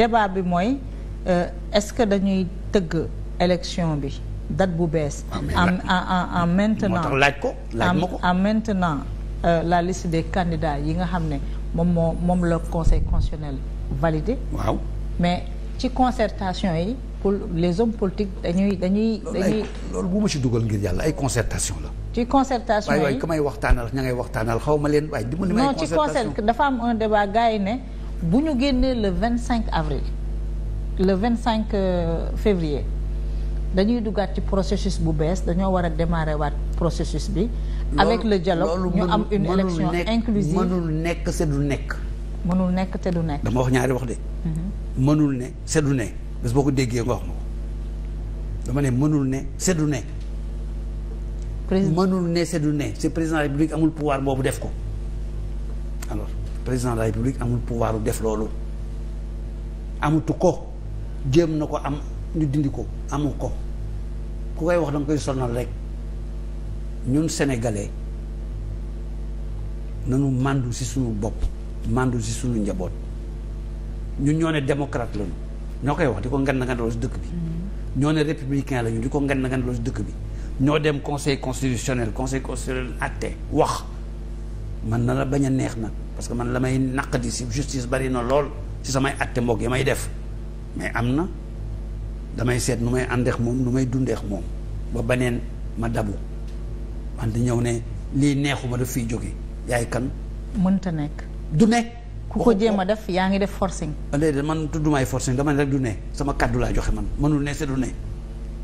débat bi mooy euh, est-ce que dañuy tëgg élection bi date bu bees ah, en en maintenant laaj ko laaj ma ko en maintenant euh, la liste des candidats yi nga xam ne moom moo moom la conseil constitutionnel validé waaw mais ci concertation yi pour les hommes politiques dañuy dañuy dañuy loolu bu ma ci dugal ngir yàlla ay concertation la ci concertation yi waay may waxtaanal ña ngay waxtaanal xaw ma leen waay dafa am un débat gars ne bu ñu génnee le vingt cinq avril le vingt cinq euh, février dañuy duggaat ci processus bu bees dañoo war a démarrer waat processus bi avec le dialogue ñu am une élection inclusive mënul nekk c'est nekk mënul nekk te du nekk dama wax ñaari wax de mhm. mënul ne c'est du ne bés boo ko déggee nga wax ma ko dama ne mënul ne c'est du ne mënul ne c'est du ne c'est président République amul pouvoir boobu def ko alors président de la république amul pouvoir def loolu amatu ko jéem na ko am ñu dindi ko amu ko ku koy wax danga koy sonal rek ñun sénégalais nanu màndu si suñu bopp màndu si suñu njaboot ñu ñoo ne démocrate lañu ñoo koy wax di ko ngan na ngandaloo ci dëkk bi mm-hmm. ñoo ne républicain lañu di ko ngan na ngandaloo ci dëkk bi ñoo dem conseil constitutionnel conseil constitutionnel atte wax man na la bañ a neex nag parce que man la may naqadi si justice bari na lool ci samay atte mbokk yi may def mais am na damay seet nu may àndeex moom nu may dundeex moom ba baneen ma dabu wante ñëw ne lii neexuma daf fiy jóge yaay kan mënta nekk du ne ku ko jéem a def yaa ngi def forcing léegi man tuddumaay forcing dama ne dune sama kàddu laa joxe man mënul ne te du ne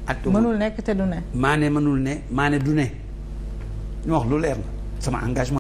at mënul nekk te du ne maa ne mënul ne maa du ne ñu wax lu leer na sama engagement